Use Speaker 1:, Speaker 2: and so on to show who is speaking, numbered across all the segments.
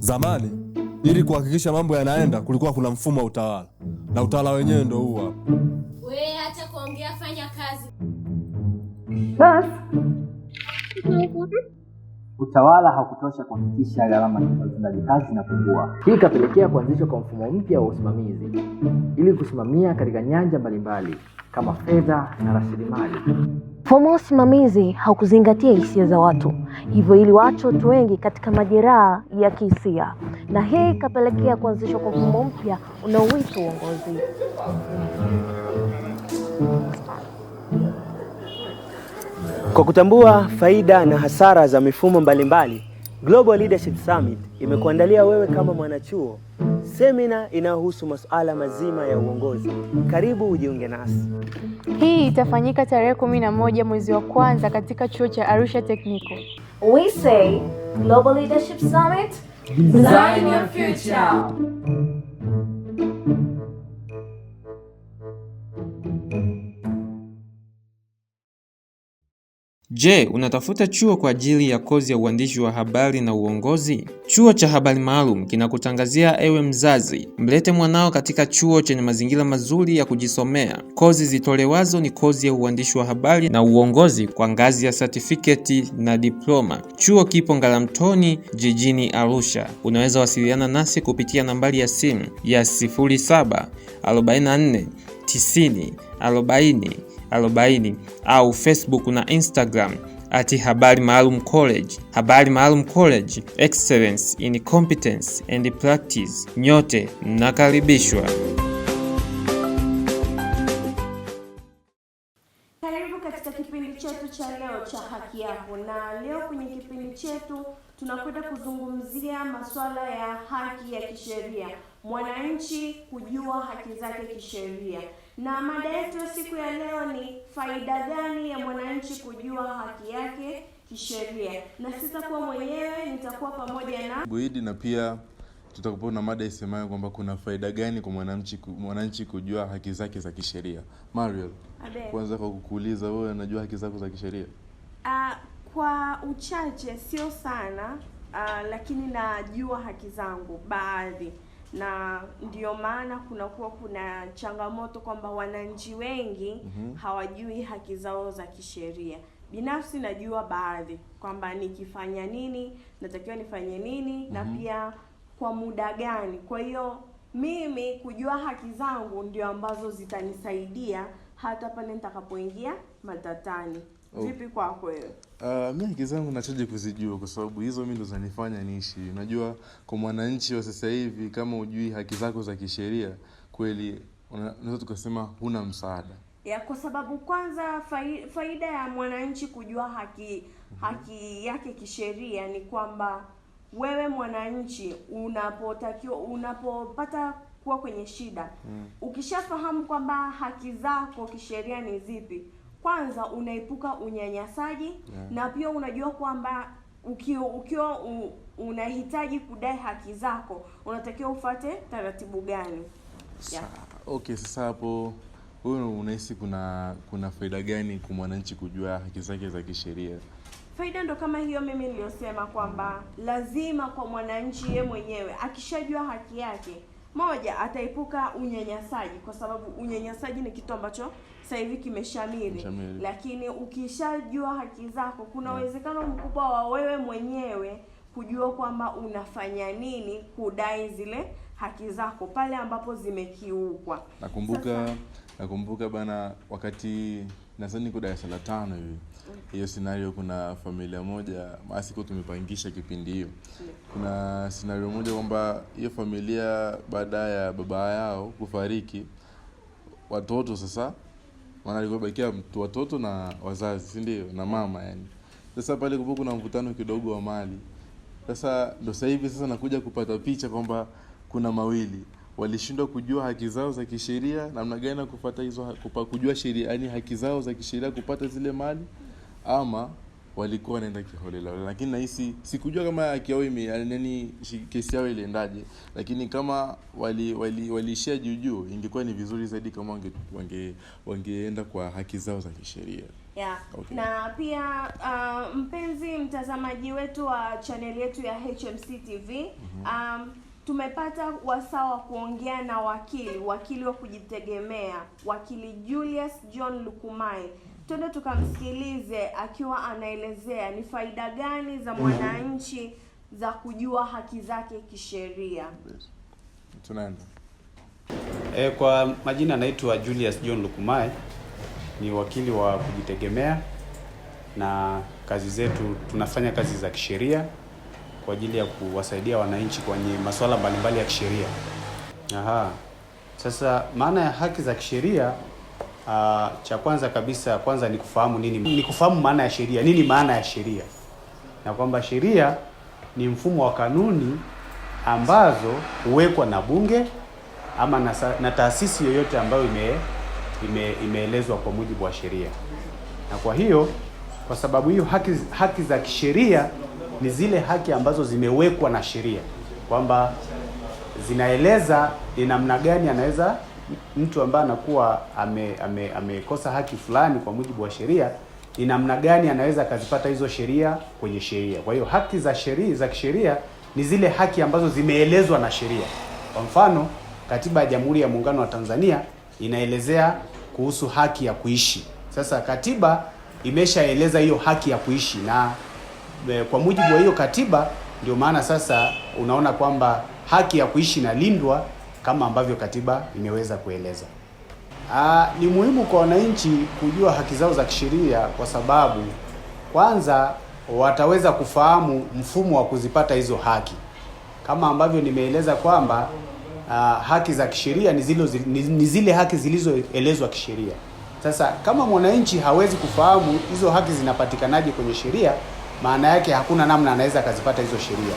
Speaker 1: Zamani ili kuhakikisha mambo yanaenda, kulikuwa kuna mfumo wa utawala, na utawala wenyewe ndio huu hapa. Wewe hata kuongea, fanya kazi
Speaker 2: basi. Utawala hakutosha kuhakikisha gharama za utendaji kazi na pungua. Hii ikapelekea kuanzishwa kwa mfumo mpya wa usimamizi ili kusimamia katika nyanja mbalimbali kama fedha na rasilimali.
Speaker 3: Mfumo wa usimamizi haukuzingatia hisia za watu, hivyo iliwaacha watu wengi katika majeraha ya kihisia, na hii ikapelekea kuanzishwa kwa mfumo mpya unaoitwa uongozi.
Speaker 2: Kwa kutambua faida na hasara za mifumo mbalimbali Global Leadership Summit mm. imekuandalia wewe kama mwanachuo semina inayohusu masuala mazima ya uongozi. Karibu ujiunge nasi.
Speaker 4: Hii itafanyika tarehe 11 mwezi wa kwanza katika chuo cha Arusha Technical.
Speaker 5: We say Global Leadership Summit, Design your future.
Speaker 6: Je, unatafuta chuo kwa ajili ya kozi ya uandishi wa habari na uongozi? Chuo cha habari maalum kinakutangazia ewe mzazi, mlete mwanao katika chuo chenye mazingira mazuri ya kujisomea. Kozi zitolewazo ni kozi ya uandishi wa habari na uongozi kwa ngazi ya certificate na diploma. Chuo kipo Ngaramtoni jijini Arusha. Unaweza wasiliana nasi kupitia nambari ya simu ya 0744 90 40 arobaini au Facebook na Instagram ati Habari Maalum College, Habari Maalum College, excellence in competence and practice. Nyote mnakaribishwa.
Speaker 4: Karibu katika kipindi chetu cha leo cha haki yako, na leo kwenye kipindi chetu tunakwenda kuzungumzia masuala ya haki ya kisheria, mwananchi kujua haki zake kisheria, na mada yetu faida gani ya mwananchi kujua haki yake kisheria, na sitakuwa mwenyewe, nitakuwa pamoja na
Speaker 7: Guidi, na pia tutakuwa na mada isemayo kwamba kuna faida gani kwa mwananchi mwananchi kujua haki zake za kisheria. Mariel, kwanza kwa kukuuliza wewe, unajua haki zako za kisheria?
Speaker 4: Uh, kwa uchache, sio sana uh, lakini najua haki zangu baadhi na ndio maana kunakuwa kuna changamoto kwamba wananchi wengi mm -hmm. hawajui haki zao za kisheria. Binafsi najua baadhi kwamba nikifanya nini natakiwa nifanye nini mm -hmm. na mhm. pia kwa muda gani. Kwa hiyo mimi kujua haki zangu ndio ambazo zitanisaidia hata pale nitakapoingia matatani. Oh. Vipi kwako wewe?
Speaker 7: Uh, mi haki zangu nachaji kuzijua kwa sababu hizo mi ndo zanifanya niishi. Unajua, kwa mwananchi wa sasa hivi kama hujui haki zako za kisheria kweli, unaweza tukasema huna msaada
Speaker 4: ya, kwa sababu kwanza faida ya mwananchi kujua haki mhm. haki yake kisheria ni kwamba wewe mwananchi unapotakiwa unapopata kuwa kwenye shida mm, ukishafahamu kwamba haki zako kisheria ni zipi kwanza unaepuka unyanyasaji yeah. na pia unajua kwamba ukiwa ukiwa unahitaji kudai haki zako unatakiwa ufate taratibu gani?
Speaker 7: yeah. Okay, sasa hapo wewe unahisi kuna kuna faida gani kwa mwananchi kujua haki zake za kisheria?
Speaker 4: Faida ndo kama hiyo mimi niliyosema kwamba lazima kwa mwananchi ye mwenyewe akishajua haki yake moja, ataepuka unyanyasaji kwa sababu unyanyasaji ni kitu ambacho sasa hivi kimeshamiri, lakini ukishajua haki zako, kuna uwezekano mkubwa wa wewe mwenyewe kujua kwamba unafanya nini kudai zile haki zako pale ambapo zimekiukwa.
Speaker 7: Nakumbuka, nakumbuka bana, wakati nadhani niko darasa la tano hivi hiyo sinario kuna familia moja maasiku tumepangisha kipindi hiyo kuna sinario moja kwamba hiyo familia baada ya baba yao kufariki watoto sasa wanalikobakia watoto na wazazi si ndio na mama yani sasa pale kupo kuna mvutano kidogo wa mali sasa ndo sasa hivi sasa nakuja kupata picha kwamba kuna mawili walishindwa kujua haki zao za kisheria namna gani na kupata hizo kujua sheria yani haki zao za kisheria kupata zile mali ama walikuwa wanaenda kiholela lakini nahisi sikujua kama kiao nani kesi yao iliendaje lakini kama waliishia wali, wali juujuu ingekuwa ni vizuri zaidi kama wange, wange, wangeenda kwa haki zao za kisheria
Speaker 4: yeah. okay. na pia uh, mpenzi mtazamaji wetu wa chaneli yetu ya hmc tv mm-hmm. um, tumepata wasaa wa kuongea na wakili wakili wa kujitegemea wakili julius john lukumai Twende tukamsikilize akiwa anaelezea ni faida gani za mm. mwananchi za kujua haki zake kisheria.
Speaker 7: Tunaenda.
Speaker 8: E, kwa majina anaitwa Julius John Lukumae, ni wakili wa kujitegemea na kazi zetu tunafanya kazi za kisheria kwa ajili ya kuwasaidia wananchi kwenye masuala mbalimbali ya kisheria. Aha. Sasa maana ya haki za kisheria Uh, cha kwanza kabisa kwanza ni kufahamu nini, ni kufahamu maana ya sheria. Nini maana ya sheria? Na kwamba sheria ni mfumo wa kanuni ambazo huwekwa na bunge ama na, na taasisi yoyote ambayo ime, ime, imeelezwa kwa mujibu wa sheria. Na kwa hiyo kwa sababu hiyo haki, haki za kisheria ni zile haki ambazo zimewekwa na sheria kwamba zinaeleza ni namna gani anaweza mtu ambaye anakuwa amekosa ame, haki fulani kwa mujibu wa sheria, ni namna gani anaweza akazipata hizo sheria kwenye sheria. Kwa hiyo haki za sheria za kisheria ni zile haki ambazo zimeelezwa na sheria. Kwa mfano, Katiba ya Jamhuri ya Muungano wa Tanzania inaelezea kuhusu haki ya kuishi. Sasa katiba imeshaeleza hiyo haki ya kuishi, na e, kwa mujibu wa hiyo katiba, ndio maana sasa unaona kwamba haki ya kuishi inalindwa kama ambavyo katiba imeweza kueleza. Aa, ah, ni muhimu kwa wananchi kujua haki zao za kisheria kwa sababu kwanza wataweza kufahamu mfumo wa kuzipata hizo haki kama ambavyo nimeeleza kwamba ah, haki za kisheria ni zile ni zile haki zilizoelezwa kisheria. Sasa kama mwananchi hawezi kufahamu hizo haki zinapatikanaje kwenye sheria, maana yake hakuna namna anaweza akazipata hizo sheria.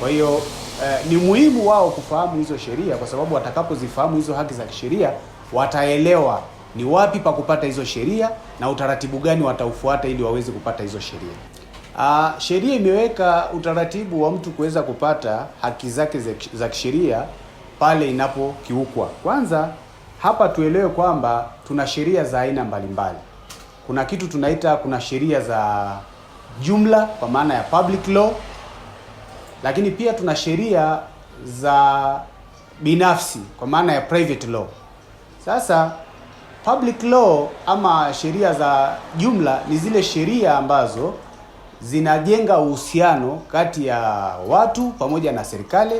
Speaker 8: Kwa hiyo eh, ni muhimu wao kufahamu hizo sheria, kwa sababu watakapozifahamu hizo haki za kisheria wataelewa ni wapi pa kupata hizo sheria na utaratibu gani wataufuata ili waweze kupata hizo sheria. Aa, ah, sheria imeweka utaratibu wa mtu kuweza kupata haki zake za kisheria pale inapokiukwa. Kwanza hapa tuelewe kwamba tuna sheria za aina mbalimbali. Kuna kitu tunaita kuna sheria za jumla kwa maana ya public law lakini pia tuna sheria za binafsi kwa maana ya private law. Sasa public law ama sheria za jumla ni zile sheria ambazo zinajenga uhusiano kati ya watu pamoja na serikali,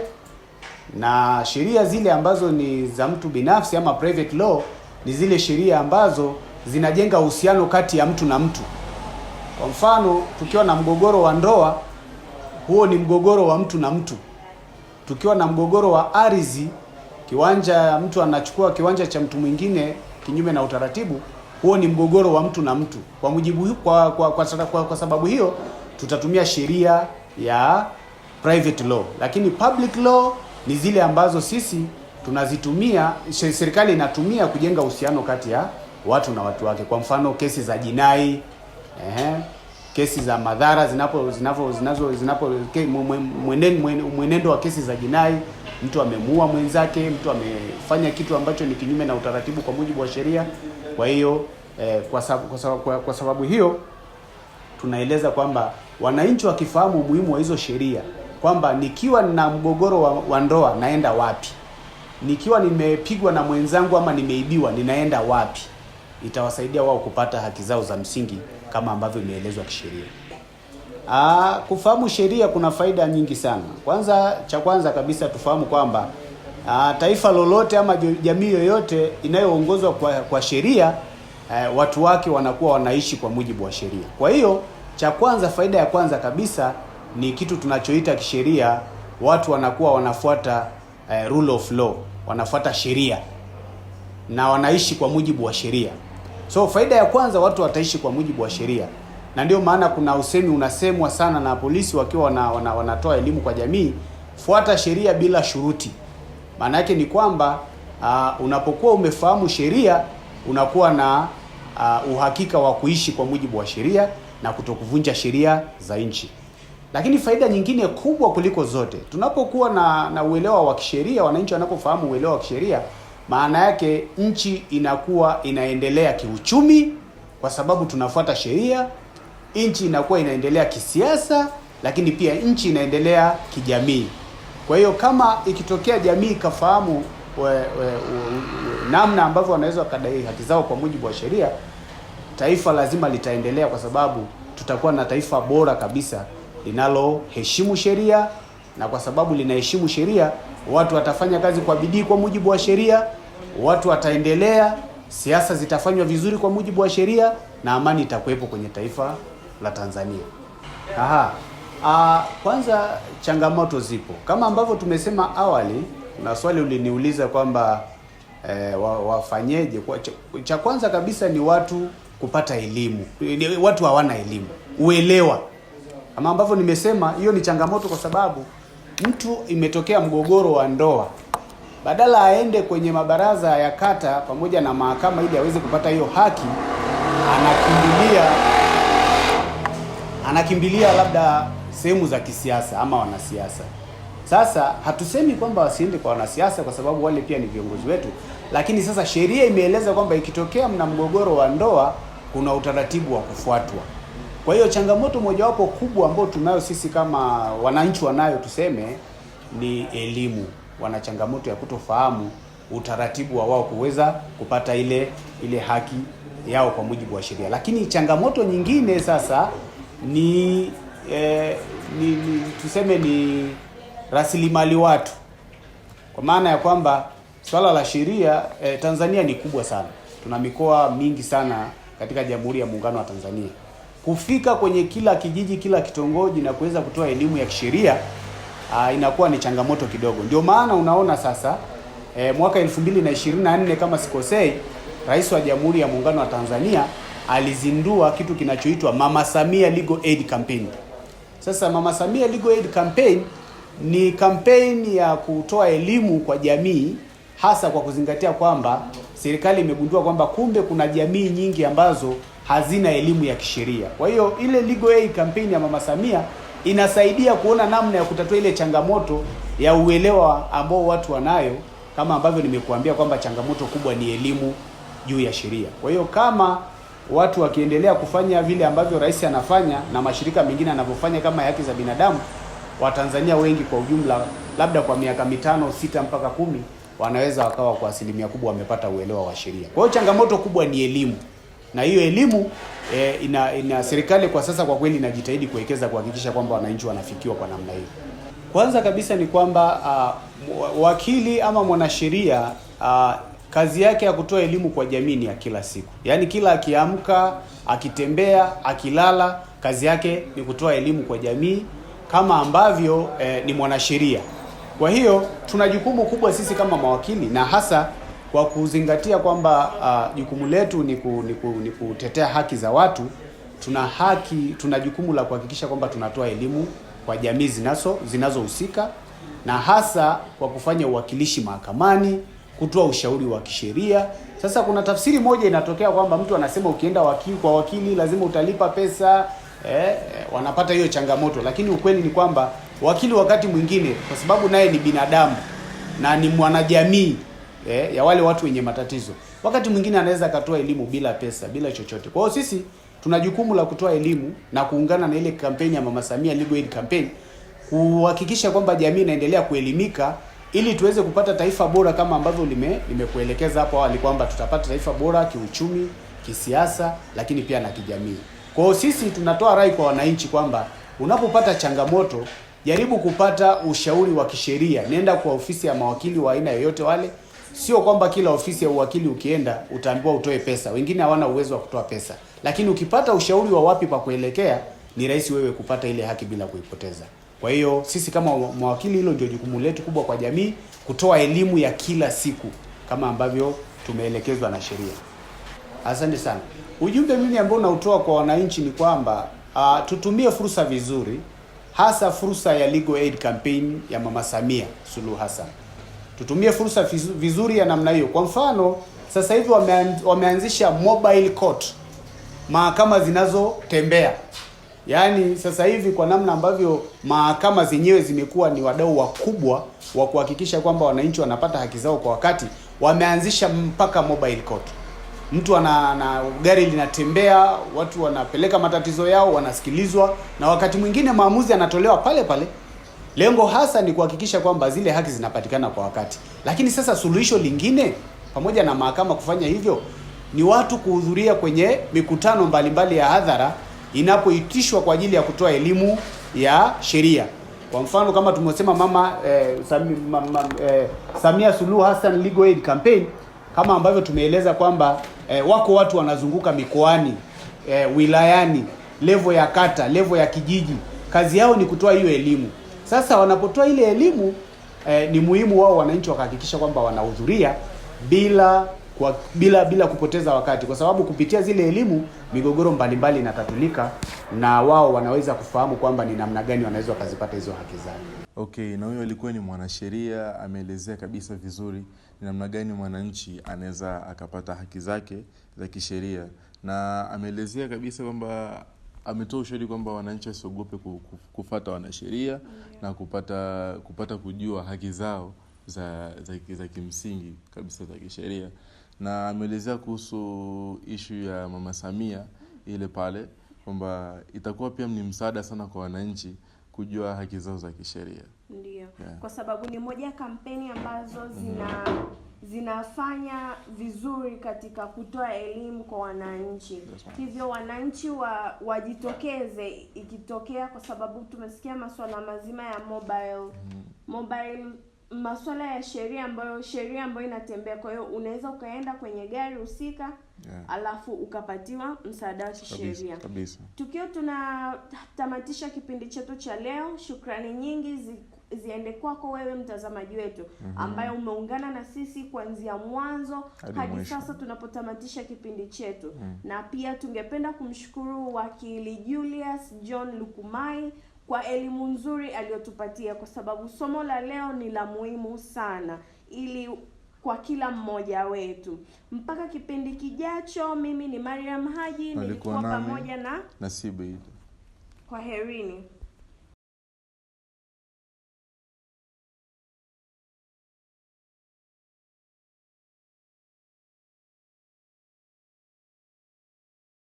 Speaker 8: na sheria zile ambazo ni za mtu binafsi ama private law ni zile sheria ambazo zinajenga uhusiano kati ya mtu na mtu. Kwa mfano, tukiwa na mgogoro wa ndoa huo ni mgogoro wa mtu na mtu. Tukiwa na mgogoro wa ardhi, kiwanja, mtu anachukua kiwanja cha mtu mwingine kinyume na utaratibu, huo ni mgogoro wa mtu na mtu. Kwa mujibu kwa, kwa, kwa, kwa, kwa sababu hiyo tutatumia sheria ya private law, lakini public law ni zile ambazo sisi tunazitumia, serikali inatumia kujenga uhusiano kati ya watu na watu wake, kwa mfano kesi za jinai ehe kesi za madhara zinapo zinapo zinazo zinapo mwenendo wa kesi za jinai, mtu amemuua mwenzake, mtu amefanya kitu ambacho ni kinyume na utaratibu kwa mujibu wa sheria. Kwa hiyo eh, kwa, sababu, kwa, sababu, kwa, kwa sababu hiyo tunaeleza kwamba wananchi wakifahamu umuhimu wa hizo sheria kwamba nikiwa na mgogoro wa, wa ndoa naenda wapi, nikiwa nimepigwa na mwenzangu ama nimeibiwa ninaenda wapi, itawasaidia wao kupata haki zao za msingi kama ambavyo imeelezwa kisheria. Ah, kufahamu sheria kuna faida nyingi sana. Kwanza, cha kwanza kabisa tufahamu kwamba ah, taifa lolote ama jamii yoyote inayoongozwa kwa, kwa sheria eh, watu wake wanakuwa wanaishi kwa mujibu wa sheria. Kwa hiyo cha kwanza, faida ya kwanza kabisa ni kitu tunachoita kisheria, watu wanakuwa wanafuata eh, rule of law, wanafuata sheria na wanaishi kwa mujibu wa sheria. So faida ya kwanza, watu wataishi kwa mujibu wa sheria, na ndio maana kuna usemi unasemwa sana na polisi wakiwa wana, wana, wanatoa elimu kwa jamii, fuata sheria bila shuruti. Maana yake ni kwamba uh, unapokuwa umefahamu sheria unakuwa na uh, uhakika wa kuishi kwa mujibu wa sheria na kutokuvunja sheria za nchi. Lakini faida nyingine kubwa kuliko zote, tunapokuwa na, na uelewa wa kisheria, wananchi wanapofahamu uelewa wa kisheria maana yake nchi inakuwa inaendelea kiuchumi kwa sababu tunafuata sheria, nchi inakuwa inaendelea kisiasa, lakini pia nchi inaendelea kijamii. Kwa hiyo kama ikitokea jamii ikafahamu namna ambavyo wanaweza wakadai haki zao kwa mujibu wa sheria, taifa lazima litaendelea, kwa sababu tutakuwa na taifa bora kabisa linaloheshimu sheria na kwa sababu linaheshimu sheria, watu watafanya kazi kwa bidii kwa mujibu wa sheria, watu wataendelea, siasa zitafanywa vizuri kwa mujibu wa sheria na amani itakuwepo kwenye taifa la Tanzania. Aha. A, ah, kwanza changamoto zipo kama ambavyo tumesema awali, na swali uliniuliza kwamba e, wa, wafanyeje kwa, cha, cha kwanza kabisa ni watu kupata elimu. Watu hawana elimu, uelewa kama ambavyo nimesema, hiyo ni changamoto kwa sababu mtu imetokea mgogoro wa ndoa, badala aende kwenye mabaraza ya kata pamoja na mahakama ili aweze kupata hiyo haki, anakimbilia anakimbilia labda sehemu za kisiasa ama wanasiasa. Sasa hatusemi kwamba wasiende kwa wanasiasa, kwa sababu wale pia ni viongozi wetu, lakini sasa sheria imeeleza kwamba ikitokea mna mgogoro wa ndoa, kuna utaratibu wa kufuatwa. Kwa hiyo changamoto mojawapo kubwa ambayo tunayo sisi kama wananchi wanayo tuseme ni elimu. Wana changamoto ya kutofahamu utaratibu wa wao kuweza kupata ile ile haki yao kwa mujibu wa sheria. Lakini changamoto nyingine sasa ni, eh, ni, ni tuseme ni rasilimali watu, kwa maana ya kwamba swala la sheria eh, Tanzania ni kubwa sana, tuna mikoa mingi sana katika Jamhuri ya Muungano wa Tanzania kufika kwenye kila kijiji, kila kitongoji na kuweza kutoa elimu ya kisheria uh, inakuwa ni changamoto kidogo. Ndio maana unaona sasa e, mwaka 2024 kama sikosei, Rais wa Jamhuri ya Muungano wa Tanzania alizindua kitu kinachoitwa Mama Samia Legal Aid Campaign. Sasa Mama Samia Legal Aid Campaign ni kampeni ya kutoa elimu kwa jamii hasa kwa kuzingatia kwamba serikali imegundua kwamba kumbe kuna jamii nyingi ambazo hazina elimu ya kisheria. Kwa hiyo ile legal aid campaign ya Mama Samia inasaidia kuona namna ya kutatua ile changamoto ya uelewa ambao watu wanayo, kama ambavyo nimekuambia kwamba changamoto kubwa ni elimu juu ya sheria. Kwa hiyo kama watu wakiendelea kufanya vile ambavyo rais anafanya na mashirika mengine anavyofanya kama haki za binadamu, Watanzania wengi kwa ujumla, labda kwa miaka mitano sita mpaka kumi, wanaweza wakawa kwa asilimia kubwa wamepata uelewa wa sheria. Kwa hiyo changamoto kubwa ni elimu na hiyo elimu e, ina, ina serikali kwa sasa kwa kweli inajitahidi kuwekeza kuhakikisha kwamba wananchi wanafikiwa kwa namna hiyo. Kwanza kabisa ni kwamba uh, wakili ama mwanasheria uh, kazi yake ya kutoa elimu kwa jamii ni ya kila siku, yaani kila akiamka, akitembea, akilala, kazi yake ni kutoa elimu kwa jamii kama ambavyo eh, ni mwanasheria. Kwa hiyo tuna jukumu kubwa sisi kama mawakili na hasa kwa kuzingatia kwamba uh, jukumu uh, letu ni, ku, ni, ku, ni kutetea haki za watu. Tuna haki, tuna jukumu la kuhakikisha kwamba tunatoa elimu kwa jamii zinazo zinazohusika na hasa kwa kufanya uwakilishi mahakamani, kutoa ushauri wa kisheria. Sasa kuna tafsiri moja inatokea kwamba mtu anasema ukienda wakili, kwa wakili lazima utalipa pesa eh, wanapata hiyo changamoto, lakini ukweli ni kwamba wakili wakati mwingine, kwa sababu naye ni binadamu na ni mwanajamii eh, ya wale watu wenye matatizo. Wakati mwingine anaweza akatoa elimu bila pesa, bila chochote. Kwa hiyo sisi tuna jukumu la kutoa elimu na kuungana na ile kampeni ya Mama Samia Legal Aid Campaign kuhakikisha kwamba jamii inaendelea kuelimika ili tuweze kupata taifa bora kama ambavyo lime nimekuelekeza hapo awali kwamba tutapata taifa bora kiuchumi, kisiasa, lakini pia na kijamii. Kwa hiyo sisi tunatoa rai kwa wananchi kwamba unapopata changamoto, jaribu kupata ushauri wa kisheria, nenda kwa ofisi ya mawakili wa aina yoyote wale Sio kwamba kila ofisi ya uwakili ukienda utaambiwa utoe pesa, wengine hawana uwezo wa kutoa pesa, lakini ukipata ushauri wa wapi pa kuelekea, ni rahisi wewe kupata ile haki bila kuipoteza. Kwa hiyo sisi kama mawakili, hilo ndio jukumu letu kubwa kwa jamii, kutoa elimu ya kila siku kama ambavyo tumeelekezwa na sheria. Asante sana. Ujumbe mimi ambao nautoa kwa wananchi ni kwamba uh, tutumie fursa vizuri, hasa fursa ya Legal Aid Campaign ya Mama Samia Suluhu Hassan tutumie fursa vizuri ya namna hiyo. Kwa mfano sasa hivi wameanzisha mobile court, mahakama zinazotembea. Yaani sasa hivi kwa namna ambavyo mahakama zenyewe zimekuwa ni wadau wakubwa wa kuhakikisha kwamba wananchi wanapata haki zao kwa wakati, wameanzisha mpaka mobile court. Mtu ana, ana gari linatembea, watu wanapeleka matatizo yao, wanasikilizwa na wakati mwingine maamuzi yanatolewa pale pale. Lengo hasa ni kuhakikisha kwamba zile haki zinapatikana kwa wakati. Lakini sasa suluhisho lingine pamoja na mahakama kufanya hivyo ni watu kuhudhuria kwenye mikutano mbalimbali ya hadhara inapoitishwa kwa ajili ya kutoa elimu ya sheria. Kwa mfano kama tumesema mama, eh, Sami, mama eh, Samia Suluhu Hassan Legal Aid Campaign kama ambavyo tumeeleza kwamba eh, wako watu wanazunguka mikoani, eh, wilayani, levo ya kata, levo ya kijiji. Kazi yao ni kutoa hiyo elimu. Sasa wanapotoa ile elimu eh, ni muhimu wao wananchi wakahakikisha kwamba wanahudhuria bila kwa, bila bila kupoteza wakati, kwa sababu kupitia zile elimu migogoro mbalimbali inatatulika na wao wanaweza kufahamu kwamba ni namna gani wanaweza wakazipata hizo haki zao.
Speaker 7: Okay, na huyo alikuwa ni mwanasheria, ameelezea kabisa vizuri ni namna gani mwananchi anaweza akapata haki zake za kisheria, na ameelezea kabisa kwamba ametoa ushauri kwamba wananchi wasiogope kufata wanasheria yeah. na kupata kupata kujua haki zao za, za, za kimsingi kabisa za kisheria, na ameelezea kuhusu ishu ya Mama Samia ile pale kwamba itakuwa pia ni msaada sana kwa wananchi kujua haki zao za kisheria.
Speaker 4: Ndio. Yeah. Kwa sababu ni moja ya kampeni ambazo zina mm-hmm zinafanya vizuri katika kutoa elimu kwa wananchi, hivyo wananchi wa wajitokeze ikitokea, kwa sababu tumesikia masuala mazima ya mobile mm. mobile masuala ya sheria ambayo sheria ambayo inatembea. Kwa hiyo unaweza ukaenda kwenye gari husika yeah. alafu ukapatiwa msaada wa kisheria. tukiwa tunatamatisha kipindi chetu cha leo, shukrani nyingi zi ziende kwako wewe mtazamaji wetu mm -hmm. ambaye umeungana na sisi kuanzia mwanzo hadi sasa tunapotamatisha kipindi chetu mm -hmm. na pia tungependa kumshukuru wakili Julius John Lukumai kwa elimu nzuri aliyotupatia, kwa sababu somo la leo ni la muhimu sana ili kwa kila mmoja wetu. Mpaka kipindi kijacho, mimi ni Mariam Haji, nilikuwa pamoja na Nasibu kwa Kwaherini.